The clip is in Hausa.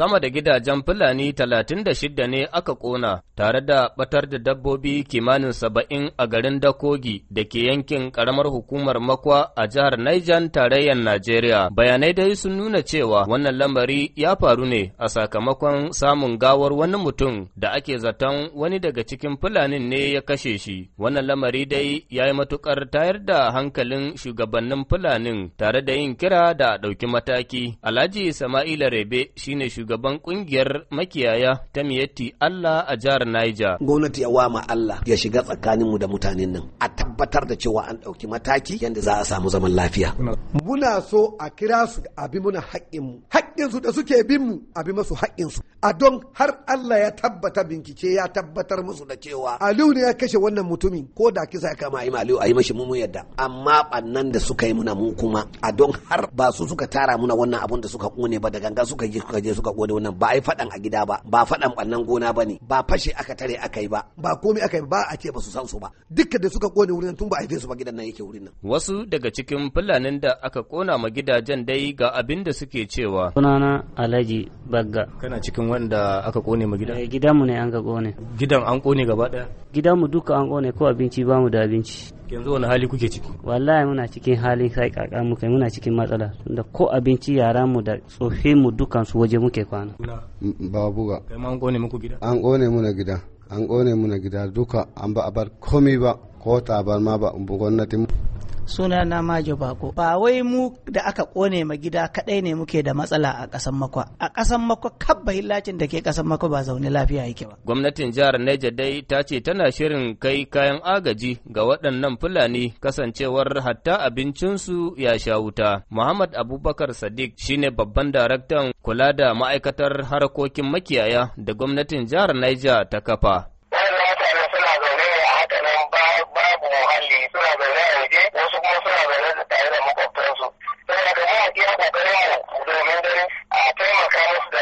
sama da gidajen Fulani talatin da shida ne aka ƙona tare da ɓatar da dabbobi kimanin saba'in a garin Dakogi da ke yankin ƙaramar hukumar Makwa a jihar Niger tarayyar Najeriya. Bayanai dai sun nuna cewa wannan lamari ya faru ne a sakamakon samun gawar wani mutum da ake zaton wani daga cikin Fulanin ne ya kashe shi. Wannan lamari dai ya yi matuƙar tayar da hankalin shugabannin Fulanin tare da yin kira da ɗauki mataki. Alhaji Sama'ila Rebe shine shugaban shugaban kungiyar makiyaya ta Miyatti Allah a jihar Niger. Gwamnati ya wama Allah ya shiga tsakanin mu da mutanen nan a tabbatar da cewa an ɗauki mataki yadda za a samu zaman lafiya. Muna so a kira su abi muna haƙƙinmu. haƙƙinsu da suke bin mu a bi masu haƙƙinsu a don har Allah ya tabbata bincike ya tabbatar musu da cewa Aliyu ne ya kashe wannan mutumin ko da kisa ya kama yi Aliyu a yi mashi mun yadda amma bannan da suka yi muna mu kuma a don har ba su suka tara muna wannan abun da suka kone ba da ganga suka je suka je suka kone wannan ba ai faɗan a gida ba ba faɗan bannan gona ba ne ba fashe aka tare aka yi ba ba komai aka yi ba a ce ba su san su ba duka da suka kone wurin tun ba a su ba gidan nan yake wurin nan wasu daga cikin fulanin da aka kona ma gidajen dai ga abin da suke cewa sunana alhaji bagga kana cikin wanda aka kone mu gidan eh, gidanmu ne an ka kone gidan an kone gaba daya gidanmu duka an kone ko abinci ba mu da abinci yanzu wani hali kuke ciki wallahi muna cikin hali sai kaka kai muna cikin matsala da ko abinci yaran mu da tsofin mu dukan su waje muke kwana mm, mm, babu ga kai an kone muku gida an kone mu na gida an kone mu na gida duka an ba abar komai ba ko tabarma ba gwamnatin suna na maje bako ba wai mu da aka kone ma gida kadai ne muke da matsala a kasan makwa a kasan makwa kabba hillacin da ke kasan makwa ba zaune lafiya yake ba gwamnatin jihar Neja dai ta ce tana shirin kai kayan agaji ga waɗannan fulani kasancewar hatta abincinsu ya sha wuta Muhammad Abubakar Sadiq shine babban daraktan kula da ma'aikatar harkokin makiyaya da gwamnatin jihar Niger ta kafa i a taimaka musu